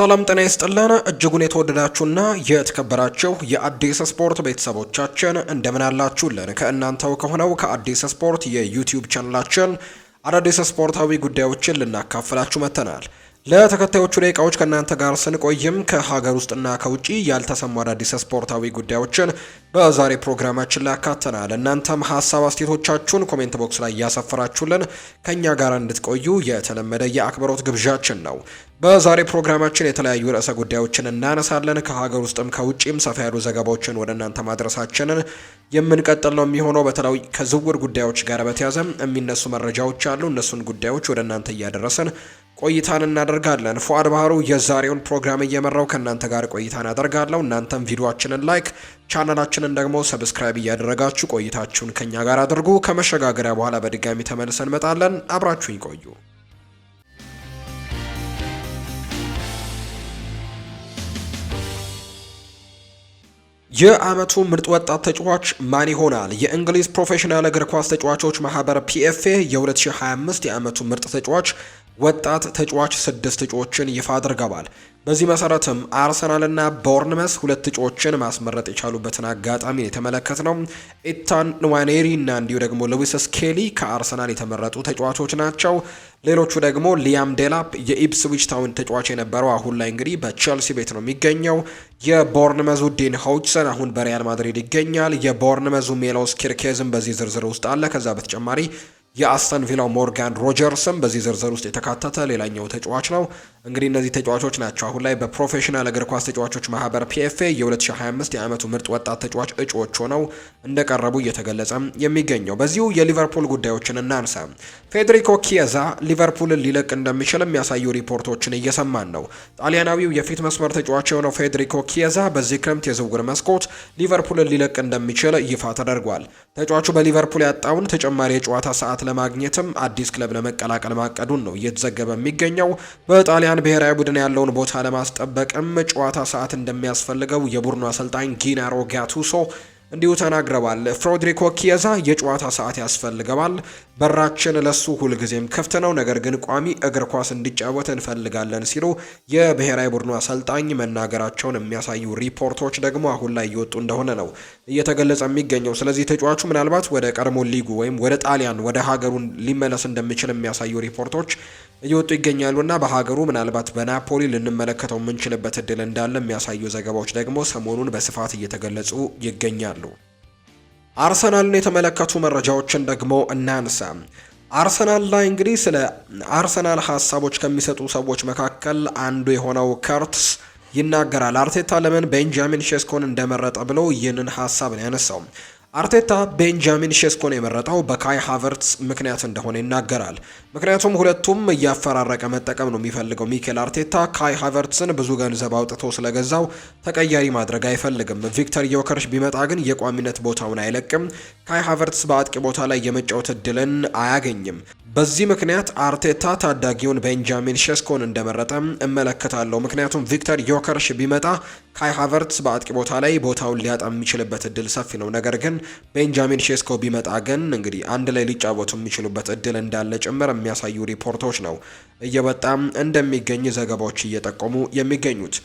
ሰላም ጤና ይስጥልን እጅጉን የተወደዳችሁና የተከበራችሁ የአዲስ ስፖርት ቤተሰቦቻችን እንደምን አላችሁልን? ከእናንተው ከሆነው ከአዲስ ስፖርት የዩቲዩብ ቻናላችን አዳዲስ ስፖርታዊ ጉዳዮችን ልናካፍላችሁ መጥተናል። ለተከታዮቹ ደቂቃዎች ከእናንተ ጋር ስንቆይም ከሀገር ውስጥና ከውጭ ያልተሰሙ አዳዲስ ስፖርታዊ ጉዳዮችን በዛሬ ፕሮግራማችን ላይ አካተናል። እናንተም ሀሳብ አስቴቶቻችሁን ኮሜንት ቦክስ ላይ እያሰፈራችሁልን ከእኛ ጋር እንድትቆዩ የተለመደ የአክብሮት ግብዣችን ነው። በዛሬ ፕሮግራማችን የተለያዩ ርዕሰ ጉዳዮችን እናነሳለን። ከሀገር ውስጥም ከውጭም ሰፋ ያሉ ዘገባዎችን ወደ እናንተ ማድረሳችንን የምንቀጥል ነው የሚሆነው። በተለይ ከዝውውር ጉዳዮች ጋር በተያያዘ የሚነሱ መረጃዎች አሉ። እነሱን ጉዳዮች ወደ እናንተ እያደረስን ቆይታን እናደርጋለን። ፉአድ ባህሩ የዛሬውን ፕሮግራም እየመራው ከእናንተ ጋር ቆይታን አደርጋለሁ። እናንተም ቪዲዮችንን ላይክ፣ ቻናላችንን ደግሞ ሰብስክራይብ እያደረጋችሁ ቆይታችሁን ከኛ ጋር አድርጉ። ከመሸጋገሪያ በኋላ በድጋሚ ተመልሰን እንመጣለን። አብራችሁን ቆዩ። የአመቱ ምርጥ ወጣት ተጫዋች ማን ይሆናል? የእንግሊዝ ፕሮፌሽናል እግር ኳስ ተጫዋቾች ማህበር ፒኤፍኤ የ2025 የአመቱ ምርጥ ተጫዋች ወጣት ተጫዋች ስድስት እጩዎችን ይፋ አድርገዋል። በዚህ መሰረትም አርሰናልና ቦርንመስ ሁለት እጩዎችን ማስመረጥ የቻሉበትን አጋጣሚ የተመለከት ነው። ኢታን ንዋኔሪ እና እንዲሁ ደግሞ ሉዊስ ስኬሊ ከአርሰናል የተመረጡ ተጫዋቾች ናቸው። ሌሎቹ ደግሞ ሊያም ዴላፕ የኢፕስዊች ታውን ተጫዋች የነበረው አሁን ላይ እንግዲህ በቼልሲ ቤት ነው የሚገኘው። የቦርንመዙ ዲን ሆችሰን አሁን በሪያል ማድሪድ ይገኛል። የቦርንመዙ ሜሎስ ኪርኬዝም በዚህ ዝርዝር ውስጥ አለ። ከዛ በተጨማሪ የአስተን ቪላው ሞርጋን ሮጀርስም በዚህ ዝርዝር ውስጥ የተካተተ ሌላኛው ተጫዋች ነው። እንግዲህ እነዚህ ተጫዋቾች ናቸው አሁን ላይ በፕሮፌሽናል እግር ኳስ ተጫዋቾች ማህበር ፒኤፍኤ የ2025 የዓመቱ ምርጥ ወጣት ተጫዋች እጩዎች ሆነው እንደቀረቡ እየተገለጸ የሚገኘው። በዚሁ የሊቨርፑል ጉዳዮችን እናንሳ። ፌዴሪኮ ኪየዛ ሊቨርፑልን ሊለቅ እንደሚችል የሚያሳዩ ሪፖርቶችን እየሰማን ነው። ጣሊያናዊው የፊት መስመር ተጫዋች የሆነው ፌዴሪኮ ኪየዛ በዚህ ክረምት የዝውውር መስኮት ሊቨርፑልን ሊለቅ እንደሚችል ይፋ ተደርጓል። ተጫዋቹ በሊቨርፑል ያጣውን ተጨማሪ የጨዋታ ሰዓት ብቃት ለማግኘትም አዲስ ክለብ ለመቀላቀል ማቀዱን ነው እየተዘገበ የሚገኘው። በጣሊያን ብሔራዊ ቡድን ያለውን ቦታ ለማስጠበቅም ጨዋታ ሰዓት እንደሚያስፈልገው የቡድኑ አሰልጣኝ ጊናሮ ጋቱሶ እንዲሁ ተናግረዋል። ፍሮድሪኮ ኪየዛ የጨዋታ ሰዓት ያስፈልገዋል። በራችን ለሱ ሁልጊዜም ክፍት ነው፣ ነገር ግን ቋሚ እግር ኳስ እንዲጫወት እንፈልጋለን ሲሉ የብሔራዊ ቡድኑ አሰልጣኝ መናገራቸውን የሚያሳዩ ሪፖርቶች ደግሞ አሁን ላይ እየወጡ እንደሆነ ነው እየተገለጸ የሚገኘው። ስለዚህ ተጫዋቹ ምናልባት ወደ ቀድሞ ሊጉ ወይም ወደ ጣሊያን ወደ ሀገሩን ሊመለስ እንደሚችል የሚያሳዩ ሪፖርቶች እየወጡ ይገኛሉና በሀገሩ ምናልባት በናፖሊ ልንመለከተው የምንችልበት እድል እንዳለ የሚያሳዩ ዘገባዎች ደግሞ ሰሞኑን በስፋት እየተገለጹ ይገኛሉ። አርሰናልን የተመለከቱ መረጃዎችን ደግሞ እናንሳ። አርሰናል ላይ እንግዲህ ስለ አርሰናል ሀሳቦች ከሚሰጡ ሰዎች መካከል አንዱ የሆነው ከርትስ ይናገራል። አርቴታ ለምን ቤንጃሚን ሼስኮን እንደመረጠ ብሎ ይህንን ሀሳብ ነው ያነሳው። አርቴታ ቤንጃሚን ሼስኮን የመረጠው በካይ ሃቨርትስ ምክንያት እንደሆነ ይናገራል። ምክንያቱም ሁለቱም እያፈራረቀ መጠቀም ነው የሚፈልገው። ሚኬል አርቴታ ካይ ሃቨርትስን ብዙ ገንዘብ አውጥቶ ስለገዛው ተቀያሪ ማድረግ አይፈልግም። ቪክተር ዮከርሽ ቢመጣ ግን የቋሚነት ቦታውን አይለቅም። ካይ ሃቨርትስ በአጥቂ ቦታ ላይ የመጫወት እድልን አያገኝም። በዚህ ምክንያት አርቴታ ታዳጊውን ቤንጃሚን ሼስኮን እንደመረጠ እመለከታለሁ። ምክንያቱም ቪክተር ዮከርሽ ቢመጣ ካይ ሃቨርትስ በአጥቂ ቦታ ላይ ቦታውን ሊያጣ የሚችልበት እድል ሰፊ ነው። ነገር ግን ቤንጃሚን ሼስኮ ቢመጣ ግን እንግዲህ አንድ ላይ ሊጫወቱ የሚችሉበት እድል እንዳለ ጭምር የሚያሳዩ ሪፖርቶች ነው እየበጣም እንደሚገኝ ዘገባዎች እየጠቆሙ የሚገኙት።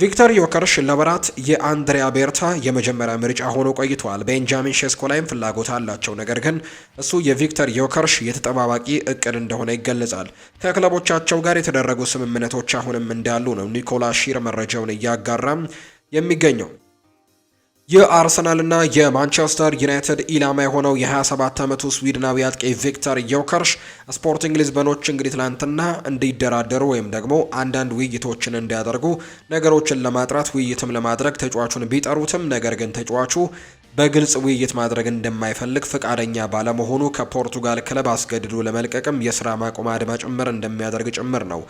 ቪክተር ዮከርሽ ለወራት የአንድሪያ ቤርታ የመጀመሪያ ምርጫ ሆኖ ቆይቷል። ቤንጃሚን ሼስኮ ላይም ፍላጎት አላቸው፣ ነገር ግን እሱ የቪክተር ዮከርሽ የተጠባባቂ እቅድ እንደሆነ ይገለጻል። ከክለቦቻቸው ጋር የተደረጉ ስምምነቶች አሁንም እንዳሉ ነው ኒኮላ ሺር መረጃውን እያጋራም የሚገኘው። የአርሰናልና የማንቸስተር ዩናይትድ ኢላማ የሆነው የ27 ዓመቱ ስዊድናዊ አጥቂ ቪክተር ዮከርሽ ስፖርቲንግ ሊዝበኖች እንግዲህ ትላንትና እንዲደራደሩ ወይም ደግሞ አንዳንድ ውይይቶችን እንዲያደርጉ ነገሮችን ለማጥራት ውይይትም ለማድረግ ተጫዋቹን ቢጠሩትም ነገር ግን ተጫዋቹ በግልጽ ውይይት ማድረግ እንደማይፈልግ ፈቃደኛ ባለመሆኑ ከፖርቱጋል ክለብ አስገድዶ ለመልቀቅም የስራ ማቆም አድማ ጭምር እንደሚያደርግ ጭምር ነው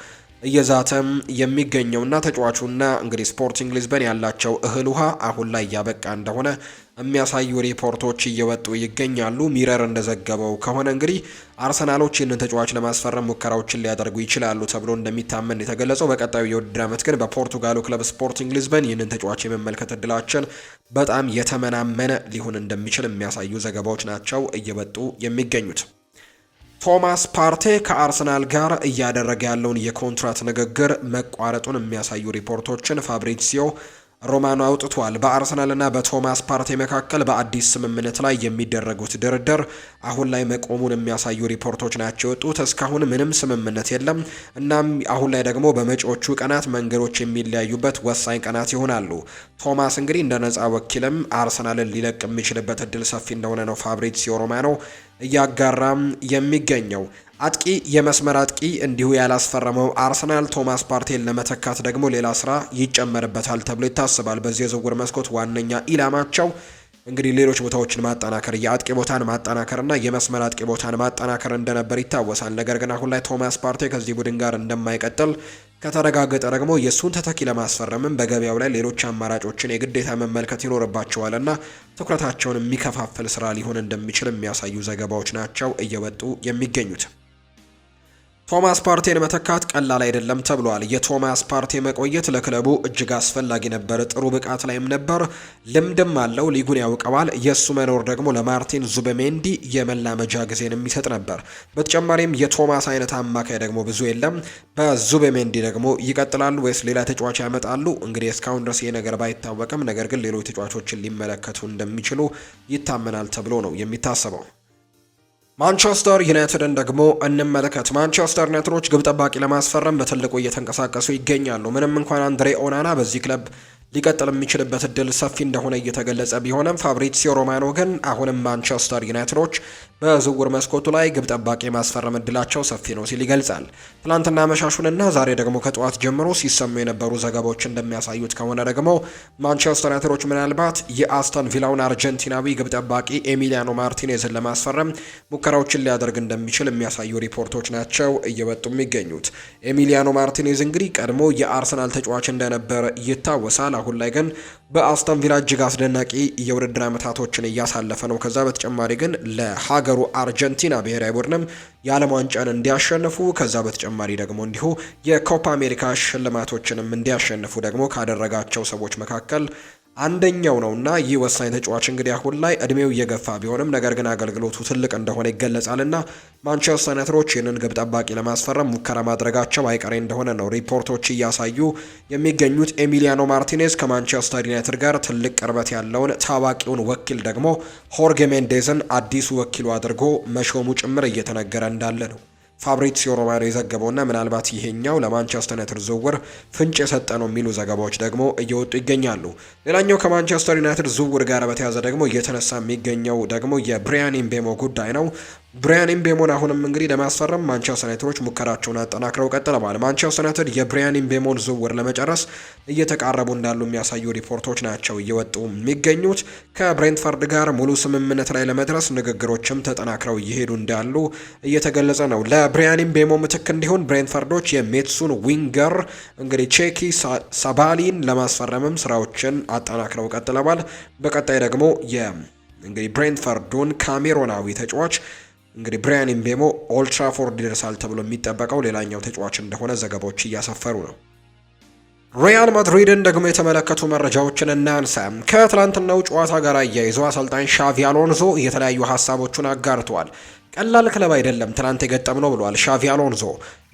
እየዛተም የሚገኘውና ተጫዋቹና እንግዲህ ስፖርቲንግ ሊዝበን ያላቸው እህል ውሃ አሁን ላይ እያበቃ እንደሆነ የሚያሳዩ ሪፖርቶች እየወጡ ይገኛሉ። ሚረር እንደዘገበው ከሆነ እንግዲህ አርሰናሎች ይህንን ተጫዋች ለማስፈረም ሙከራዎችን ሊያደርጉ ይችላሉ ተብሎ እንደሚታመን የተገለጸው፣ በቀጣዩ የውድድር ዓመት ግን በፖርቱጋሉ ክለብ ስፖርቲንግ ሊዝበን ይህንን ተጫዋች የመመልከት እድላችን በጣም የተመናመነ ሊሆን እንደሚችል የሚያሳዩ ዘገባዎች ናቸው እየወጡ የሚገኙት። ቶማስ ፓርቴ ከአርሰናል ጋር እያደረገ ያለውን የኮንትራት ንግግር መቋረጡን የሚያሳዩ ሪፖርቶችን ፋብሪሲዮ ሮማኖ አውጥቷል። በአርሰናልና በቶማስ ፓርቴ መካከል በአዲስ ስምምነት ላይ የሚደረጉት ድርድር አሁን ላይ መቆሙን የሚያሳዩ ሪፖርቶች ናቸው የወጡት። እስካሁን ምንም ስምምነት የለም። እናም አሁን ላይ ደግሞ በመጪዎቹ ቀናት መንገዶች የሚለያዩበት ወሳኝ ቀናት ይሆናሉ። ቶማስ እንግዲህ እንደ ነጻ ወኪልም አርሰናልን ሊለቅ የሚችልበት እድል ሰፊ እንደሆነ ነው ፋብሪሲዮ ሮማኖ እያጋራም የሚገኘው አጥቂ የመስመር አጥቂ እንዲሁ ያላስፈረመው አርሰናል ቶማስ ፓርቴን ለመተካት ደግሞ ሌላ ስራ ይጨመርበታል ተብሎ ይታሰባል። በዚህ የዝውውር መስኮት ዋነኛ ኢላማቸው እንግዲህ ሌሎች ቦታዎችን ማጠናከር የአጥቂ ቦታን ማጠናከርና የመስመር አጥቂ ቦታን ማጠናከር እንደነበር ይታወሳል። ነገር ግን አሁን ላይ ቶማስ ፓርቴ ከዚህ ቡድን ጋር እንደማይቀጥል ከተረጋገጠ ደግሞ የእሱን ተተኪ ለማስፈረምም በገበያው ላይ ሌሎች አማራጮችን የግዴታ መመልከት ይኖርባቸዋል እና ትኩረታቸውን የሚከፋፍል ስራ ሊሆን እንደሚችል የሚያሳዩ ዘገባዎች ናቸው እየወጡ የሚገኙት። ቶማስ ፓርቴን መተካት ቀላል አይደለም ተብሏል። የቶማስ ፓርቴ መቆየት ለክለቡ እጅግ አስፈላጊ ነበር። ጥሩ ብቃት ላይም ነበር፣ ልምድም አለው፣ ሊጉን ያውቀዋል። የእሱ መኖር ደግሞ ለማርቲን ዙበሜንዲ የመላመጃ ጊዜን የሚሰጥ ነበር። በተጨማሪም የቶማስ አይነት አማካይ ደግሞ ብዙ የለም። በዙበሜንዲ ደግሞ ይቀጥላሉ ወይስ ሌላ ተጫዋች ያመጣሉ? እንግዲህ እስካሁን ድረስ ይህ ነገር ባይታወቅም፣ ነገር ግን ሌሎች ተጫዋቾችን ሊመለከቱ እንደሚችሉ ይታመናል ተብሎ ነው የሚታሰበው። ማንቸስተር ዩናይትድን ደግሞ እንመለከት። ማንቸስተር ዩናይትዶች ግብ ጠባቂ ለማስፈረም በትልቁ እየተንቀሳቀሱ ይገኛሉ። ምንም እንኳን አንድሬ ኦናና በዚህ ክለብ ሊቀጥል የሚችልበት እድል ሰፊ እንደሆነ እየተገለጸ ቢሆንም ፋብሪሲዮ ሮማኖ ግን አሁንም ማንቸስተር ዩናይትዶች በዝውውር መስኮቱ ላይ ግብ ጠባቂ ማስፈረም እድላቸው ሰፊ ነው ሲል ይገልጻል። ትናንትና መሻሹንና ዛሬ ደግሞ ከጠዋት ጀምሮ ሲሰሙ የነበሩ ዘገባዎች እንደሚያሳዩት ከሆነ ደግሞ ማንቸስተር ዩናይትዶች ምናልባት የአስተን ቪላውን አርጀንቲናዊ ግብ ጠባቂ ኤሚሊያኖ ማርቲኔዝን ለማስፈረም ሙከራዎችን ሊያደርግ እንደሚችል የሚያሳዩ ሪፖርቶች ናቸው እየወጡ የሚገኙት። ኤሚሊያኖ ማርቲኔዝ እንግዲህ ቀድሞ የአርሰናል ተጫዋች እንደነበር ይታወሳል። አሁን ላይ ግን በአስተን ቪላ እጅግ አስደናቂ የውድድር አመታቶችን እያሳለፈ ነው። ከዛ በተጨማሪ ግን ለሀገሩ አርጀንቲና ብሔራዊ ቡድንም የዓለም ዋንጫን እንዲያሸንፉ ከዛ በተጨማሪ ደግሞ እንዲሁ የኮፓ አሜሪካ ሽልማቶችንም እንዲያሸንፉ ደግሞ ካደረጋቸው ሰዎች መካከል አንደኛው ነውና ይህ ወሳኝ ተጫዋች እንግዲህ አሁን ላይ እድሜው እየገፋ ቢሆንም ነገር ግን አገልግሎቱ ትልቅ እንደሆነ ይገለጻልና ማንቸስተር ዩናይትዶች ይህንን ግብ ጠባቂ ለማስፈረም ሙከራ ማድረጋቸው አይቀሬ እንደሆነ ነው ሪፖርቶች እያሳዩ የሚገኙት። ኤሚሊያኖ ማርቲኔዝ ከማንቸስተር ዩናይትድ ጋር ትልቅ ቅርበት ያለውን ታዋቂውን ወኪል ደግሞ ሆርጌ ሜንዴዝን አዲሱ ወኪሉ አድርጎ መሾሙ ጭምር እየተነገረ እንዳለ ነው። ፋብሪሲዮ ሮማኖ የዘገበውና ምናልባት ይሄኛው ለማንቸስተር ዩናይትድ ዝውውር ፍንጭ የሰጠ ነው የሚሉ ዘገባዎች ደግሞ እየወጡ ይገኛሉ። ሌላኛው ከማንቸስተር ዩናይትድ ዝውውር ጋር በተያያዘ ደግሞ እየተነሳ የሚገኘው ደግሞ የብሪያን ቤሞ ጉዳይ ነው። ብሪያን ኢምቤሞን አሁንም እንግዲህ ለማስፈረም ማንቸስተር ዩናይትዶች ሙከራቸውን አጠናክረው ቀጥለዋል። ማንቸስተር ዩናይትድ የብሪያን ኢምቤሞን ዝውውር ለመጨረስ እየተቃረቡ እንዳሉ የሚያሳዩ ሪፖርቶች ናቸው እየወጡ የሚገኙት። ከብሬንትፈርድ ጋር ሙሉ ስምምነት ላይ ለመድረስ ንግግሮችም ተጠናክረው እየሄዱ እንዳሉ እየተገለጸ ነው። ለብሪያን ኢምቤሞ ምትክ እንዲሆን ብሬንትፈርዶች የሜትሱን ዊንገር እንግዲህ ቼኪ ሳባሊን ለማስፈረምም ስራዎችን አጠናክረው ቀጥለዋል። በቀጣይ ደግሞ እንግዲህ ብሬንትፈርዱን ካሜሮናዊ ተጫዋች እንግዲህ ብራያን ኢምቤሞ ኦልትራፎርድ ይደርሳል ተብሎ የሚጠበቀው ሌላኛው ተጫዋች እንደሆነ ዘገባዎች እያሰፈሩ ነው። ሪያል ማድሪድን ደግሞ የተመለከቱ መረጃዎችን እናንሳ። ከትላንትናው ጨዋታ ጋር አያይዞ አሰልጣኝ ሻቪ አሎንዞ የተለያዩ ሀሳቦቹን አጋርተዋል። ቀላል ክለብ አይደለም ትናንት የገጠም ነው ብሏል ሻቪ አሎንዞ።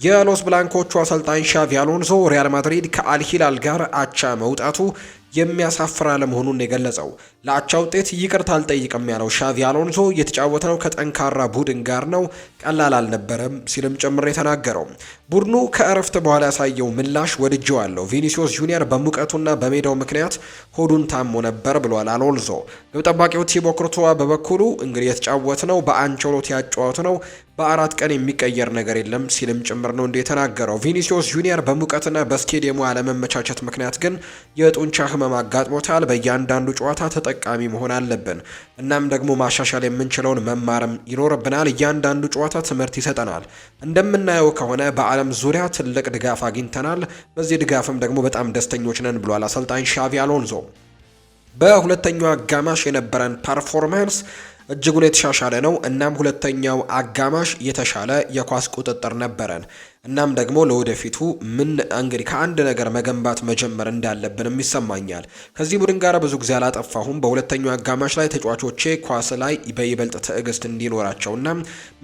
የሎስ ብላንኮቹ አሰልጣኝ ሻቪ አሎንዞ ሪያል ማድሪድ ከአልሂላል ጋር አቻ መውጣቱ የሚያሳፍር አለመሆኑን የገለጸው ለአቻ ውጤት ይቅርታ አልጠይቅም ያለው ሻቪ አሎንሶ የተጫወተ ነው ከጠንካራ ቡድን ጋር ነው፣ ቀላል አልነበረም ሲልም ጭምር የተናገረው ቡድኑ ከእረፍት በኋላ ያሳየው ምላሽ ወድጄዋለሁ። ቪኒሲዮስ ጁኒየር በሙቀቱና በሜዳው ምክንያት ሆዱን ታሞ ነበር ብሏል አሎንሶ። ግብ ጠባቂው ቲቦ ክርቱዋ በበኩሉ እንግዲህ የተጫወት ነው በአንቸሎቲ ያጫወት ነው በአራት ቀን የሚቀየር ነገር የለም ሲልም ጭምር ነው እንደ የተናገረው። ቪኒሲዮስ ጁኒየር በሙቀትና በስቴዲየሙ አለመመቻቸት ምክንያት ግን የጡንቻ ህመ ህመም አጋጥሞታል። በእያንዳንዱ ጨዋታ ተጠቃሚ መሆን አለብን። እናም ደግሞ ማሻሻል የምንችለውን መማርም ይኖርብናል። እያንዳንዱ ጨዋታ ትምህርት ይሰጠናል። እንደምናየው ከሆነ በዓለም ዙሪያ ትልቅ ድጋፍ አግኝተናል። በዚህ ድጋፍም ደግሞ በጣም ደስተኞች ነን ብሏል አሰልጣኝ ሻቪ አሎንዞ። በሁለተኛው አጋማሽ የነበረን ፐርፎርማንስ እጅጉን የተሻሻለ ነው። እናም ሁለተኛው አጋማሽ የተሻለ የኳስ ቁጥጥር ነበረን። እናም ደግሞ ለወደፊቱ ምን እንግዲህ ከአንድ ነገር መገንባት መጀመር እንዳለብንም ይሰማኛል። ከዚህ ቡድን ጋር ብዙ ጊዜ አላጠፋሁም። በሁለተኛው አጋማሽ ላይ ተጫዋቾቼ ኳስ ላይ በይበልጥ ትዕግስት እንዲኖራቸውና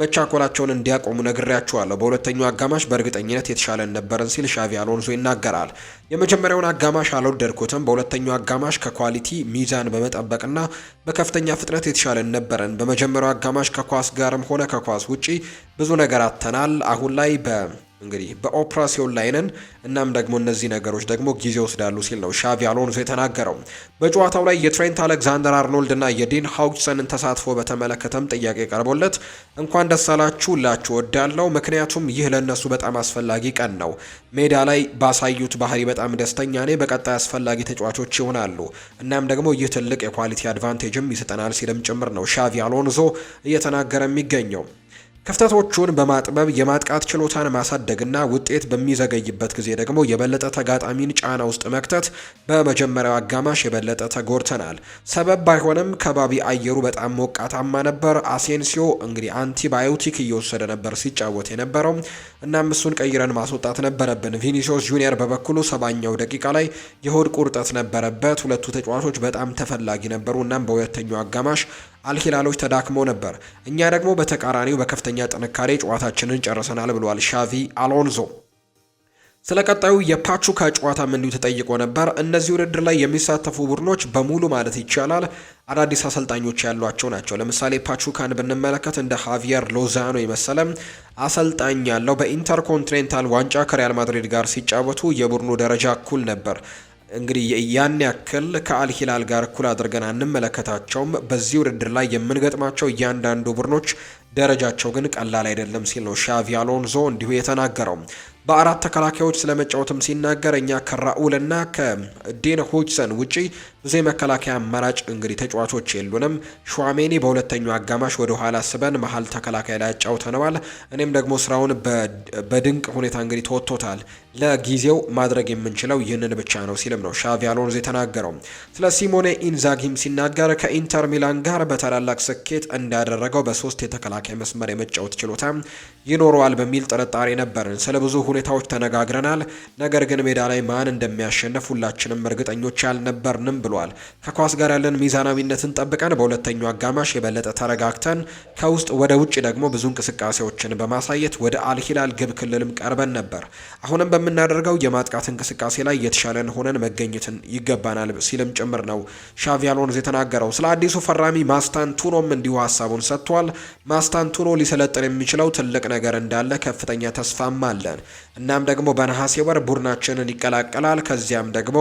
መቻኮላቸውን እንዲያቆሙ ነግሬያቸዋለሁ። በሁለተኛው አጋማሽ በእርግጠኝነት የተሻለን ነበርን ሲል ሻቪ አሎንሶ ይናገራል። የመጀመሪያውን አጋማሽ አልወደድኩትም። በሁለተኛው አጋማሽ ከኳሊቲ ሚዛን በመጠበቅና በከፍተኛ ፍጥነት የተሻለን ነበርን። በመጀመሪያው አጋማሽ ከኳስ ጋርም ሆነ ከኳስ ውጪ ብዙ ነገር አተናል። አሁን ላይ በ እንግዲህ በኦፕራሲዮን ላይንን እናም ደግሞ እነዚህ ነገሮች ደግሞ ጊዜ ወስዳሉ ሲል ነው ሻቪ አሎንሶ የተናገረው። በጨዋታው ላይ የትሬንት አሌክዛንደር አርኖልድ እና የዲን ሀውችሰንን ተሳትፎ በተመለከተም ጥያቄ ቀርቦለት እንኳን ደስ አላችሁ ላችሁ ወዳለው ምክንያቱም ይህ ለእነሱ በጣም አስፈላጊ ቀን ነው። ሜዳ ላይ ባሳዩት ባህሪ በጣም ደስተኛ ኔ በቀጣይ አስፈላጊ ተጫዋቾች ይሆናሉ። እናም ደግሞ ይህ ትልቅ የኳሊቲ አድቫንቴጅም ይሰጠናል ሲልም ጭምር ነው ሻቪ አሎንሶ እየተናገረ የሚገኘው። ክፍተቶቹን በማጥበብ የማጥቃት ችሎታን ማሳደግና ውጤት በሚዘገይበት ጊዜ ደግሞ የበለጠ ተጋጣሚን ጫና ውስጥ መክተት በመጀመሪያው አጋማሽ የበለጠ ተጎድተናል። ሰበብ ባይሆንም ከባቢ አየሩ በጣም ሞቃታማ ነበር። አሴንሲዮ እንግዲህ አንቲባዮቲክ እየወሰደ ነበር ሲጫወት የነበረው እናም እሱን ቀይረን ማስወጣት ነበረብን። ቪኒሲዮስ ጁኒየር በበኩሉ ሰባኛው ደቂቃ ላይ የሆድ ቁርጠት ነበረበት። ሁለቱ ተጫዋቾች በጣም ተፈላጊ ነበሩ። እናም በሁለተኛው አጋማሽ አልሂላሎች ተዳክሞ ነበር። እኛ ደግሞ በተቃራኒው በከፍተኛ ጥንካሬ ጨዋታችንን ጨርሰናል ብሏል ሻቪ አሎንዞ። ስለ ቀጣዩ የፓቹካ ጨዋታም እንዲሁ ተጠይቆ ነበር። እነዚህ ውድድር ላይ የሚሳተፉ ቡድኖች በሙሉ ማለት ይቻላል አዳዲስ አሰልጣኞች ያሏቸው ናቸው። ለምሳሌ ፓቹካን ብንመለከት እንደ ሃቪየር ሎዛኖ የመሰለ አሰልጣኝ ያለው በኢንተርኮንቲኔንታል ዋንጫ ከሪያል ማድሪድ ጋር ሲጫወቱ የቡድኑ ደረጃ እኩል ነበር። እንግዲህ ያን ያክል ከአልሂላል ጋር እኩል አድርገን አንመለከታቸውም። በዚህ ውድድር ላይ የምንገጥማቸው እያንዳንዱ ቡድኖች ደረጃቸው ግን ቀላል አይደለም ሲል ነው ሻቪ አሎንዞ እንዲሁ የተናገረው። በአራት ተከላካዮች ስለመጫወትም ሲናገር እኛ ከራኡልና ከዴን ሆችሰን ውጪ እዚህ የመከላከያ አማራጭ እንግዲህ ተጫዋቾች የሉንም። ሹዋሜኒ በሁለተኛው አጋማሽ ወደ ኋላ ስበን መሀል ተከላካይ ላይ ያጫውተነዋል። እኔም ደግሞ ስራውን በድንቅ ሁኔታ እንግዲህ ተወጥቶታል። ለጊዜው ማድረግ የምንችለው ይህንን ብቻ ነው ሲልም ነው ሻቪ አሎንዞ የተናገረው። ስለ ሲሞኔ ኢንዛጊም ሲናገር ከኢንተር ሚላን ጋር በታላላቅ ስኬት እንዳደረገው በሶስት የተከላካይ መስመር የመጫወት ችሎታ ይኖረዋል በሚል ጥርጣሬ ነበርን። ስለ ብዙ ሁኔታዎች ተነጋግረናል። ነገር ግን ሜዳ ላይ ማን እንደሚያሸንፍ ሁላችንም እርግጠኞች አልነበርንም ብሏል። ከኳስ ጋር ያለን ሚዛናዊነትን ጠብቀን በሁለተኛው አጋማሽ የበለጠ ተረጋግተን ከውስጥ ወደ ውጭ ደግሞ ብዙ እንቅስቃሴዎችን በማሳየት ወደ አልሂላል ግብ ክልልም ቀርበን ነበር። አሁንም በምናደርገው የማጥቃት እንቅስቃሴ ላይ የተሻለን ሆነን መገኘትን ይገባናል ሲልም ጭምር ነው ሻቪ አሎንዞ የተናገረው። ስለ አዲሱ ፈራሚ ማስታንቱኖም እንዲሁ ሀሳቡን ሰጥቷል። ማስታንቱኖ ሊሰለጥን የሚችለው ትልቅ ነገር እንዳለ ከፍተኛ ተስፋም አለን። እናም ደግሞ በነሐሴ ወር ቡድናችንን ይቀላቀላል። ከዚያም ደግሞ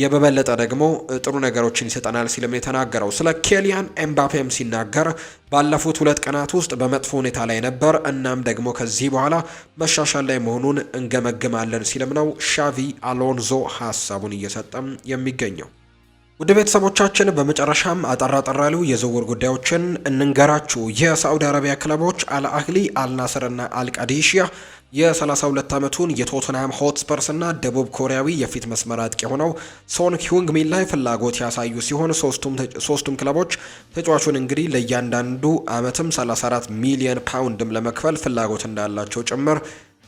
የበበለጠ ደግሞ ጥሩ ነገሮችን ይሰጠናል ሲልም የተናገረው ስለ ኬሊያን ኤምባፔም ሲናገር ባለፉት ሁለት ቀናት ውስጥ በመጥፎ ሁኔታ ላይ ነበር፣ እናም ደግሞ ከዚህ በኋላ መሻሻል ላይ መሆኑን እንገመግማለን ሲልም ነው ሻቪ አሎንዞ ሀሳቡን እየሰጠም የሚገኘው። ውድ ቤተሰቦቻችን በመጨረሻም አጠራ ጠራ የዝውውር ጉዳዮችን እንንገራችሁ። የሳዑዲ አረቢያ ክለቦች አልአህሊ፣ አልናስርና አልቃዲሽያ የ32 ዓመቱን የቶትንሃም ሆትስፐርስና ደቡብ ኮሪያዊ የፊት መስመር አጥቂ የሆነው ሶን ኪዩንግ ሚን ላይ ፍላጎት ያሳዩ ሲሆን ሶስቱም ክለቦች ተጫዋቹን እንግዲህ ለእያንዳንዱ ዓመትም 34 ሚሊዮን ፓውንድም ለመክፈል ፍላጎት እንዳላቸው ጭምር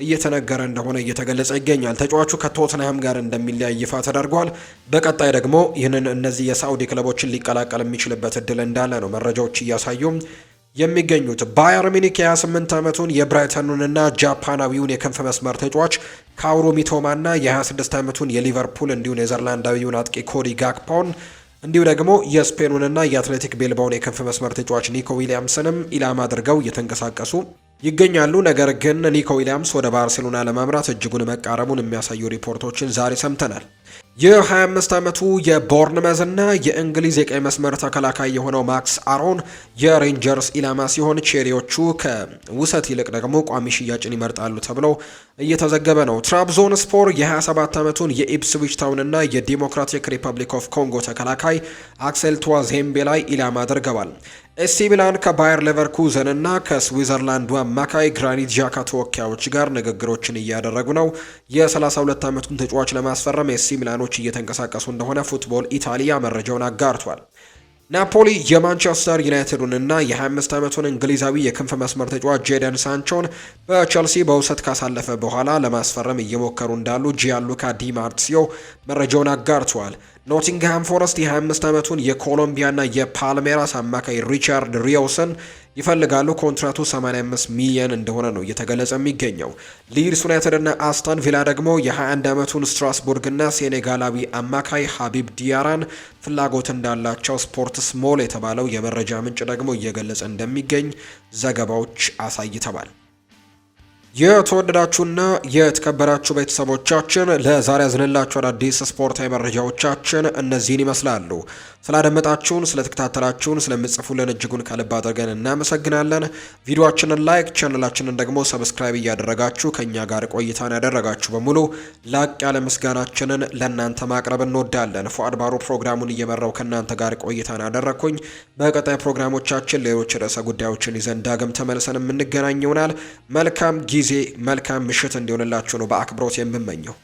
እየተነገረ እንደሆነ እየተገለጸ ይገኛል። ተጫዋቹ ከቶትንሃም ጋር እንደሚለያይ ይፋ ተደርጓል። በቀጣይ ደግሞ ይህንን እነዚህ የሳዑዲ ክለቦችን ሊቀላቀል የሚችልበት እድል እንዳለ ነው መረጃዎች እያሳዩም የሚገኙት ባየር ሚኒክ የ28 ዓመቱን የብራይተኑንና ጃፓናዊውን የክንፍ መስመር ተጫዋች ካውሩ ሚቶማና የ26 ዓመቱን የሊቨርፑል እንዲሁ ኔዘርላንዳዊውን አጥቂ ኮዲ ጋክፓውን እንዲሁ ደግሞ የስፔኑንና የአትሌቲክ ቤልባውን የክንፍ መስመር ተጫዋች ኒኮ ዊሊያምስንም ኢላማ አድርገው እየተንቀሳቀሱ ይገኛሉ። ነገር ግን ኒኮ ዊሊያምስ ወደ ባርሴሎና ለማምራት እጅጉን መቃረቡን የሚያሳዩ ሪፖርቶችን ዛሬ ሰምተናል። የ25 ዓመቱ የቦርንመዝና የእንግሊዝ የቀይ መስመር ተከላካይ የሆነው ማክስ አሮን የሬንጀርስ ኢላማ ሲሆን ቼሪዎቹ ከውሰት ይልቅ ደግሞ ቋሚ ሽያጭን ይመርጣሉ ተብሎ እየተዘገበ ነው። ትራብዞን ስፖር የ27 ዓመቱን የኢፕስዊች እና የዲሞክራቲክ ሪፐብሊክ ኦፍ ኮንጎ ተከላካይ አክሴል ቱዋዜምቤ ላይ ኢላማ አድርገዋል። ኤሲ ሚላን ከባየር ሌቨርኩዘን እና ከስዊዘርላንዱ አማካይ ግራኒት ዣካ ተወካዮች ጋር ንግግሮችን እያደረጉ ነው። የ32 ዓመቱን ተጫዋች ለማስፈረም ኤሲ ሚላኖች እየተንቀሳቀሱ እንደሆነ ፉትቦል ኢታሊያ መረጃውን አጋርቷል። ናፖሊ የማንቸስተር ዩናይትዱንና የ25 ዓመቱን እንግሊዛዊ የክንፍ መስመር ተጫዋች ጄደን ሳንቾን በቸልሲ በውሰት ካሳለፈ በኋላ ለማስፈረም እየሞከሩ እንዳሉ ጂያሉካ ዲማርሲዮ መረጃውን አጋርተዋል። ኖቲንግሃም ፎረስት የ25 ዓመቱን የኮሎምቢያና የፓልሜራስ አማካይ ሪቻርድ ሪዮስን ይፈልጋሉ። ኮንትራቱ 85 ሚሊየን እንደሆነ ነው እየተገለጸ የሚገኘው። ሊድስ ዩናይትድና አስተን ቪላ ደግሞ የ21 ዓመቱን ስትራስቡርግና ሴኔጋላዊ አማካይ ሀቢብ ዲያራን ፍላጎት እንዳላቸው ስፖርት ስሞል የተባለው የመረጃ ምንጭ ደግሞ እየገለጸ እንደሚገኝ ዘገባዎች አሳይተዋል። የተወደዳችሁና የተከበራችሁ ቤተሰቦቻችን ለዛሬ ያዝንላችሁ አዳዲስ ስፖርታዊ መረጃዎቻችን እነዚህን ይመስላሉ። ስላደመጣችሁን፣ ስለተከታተላችሁን፣ ስለምጽፉልን እጅጉን ከልብ አድርገን እናመሰግናለን። ቪዲዮችንን ላይክ፣ ቻነላችንን ደግሞ ሰብስክራይብ እያደረጋችሁ ከእኛ ጋር ቆይታን ያደረጋችሁ በሙሉ ላቅ ያለ ምስጋናችንን ለእናንተ ማቅረብ እንወዳለን። ፉአድ ባሮ ፕሮግራሙን እየመራው ከእናንተ ጋር ቆይታን አደረግኩኝ። በቀጣይ ፕሮግራሞቻችን ሌሎች ርዕሰ ጉዳዮችን ይዘን ዳግም ተመልሰን የምንገናኝ ይሆናል። መልካም ጊዜ መልካም ምሽት እንዲሆንላችሁ ነው በአክብሮት የምመኘው።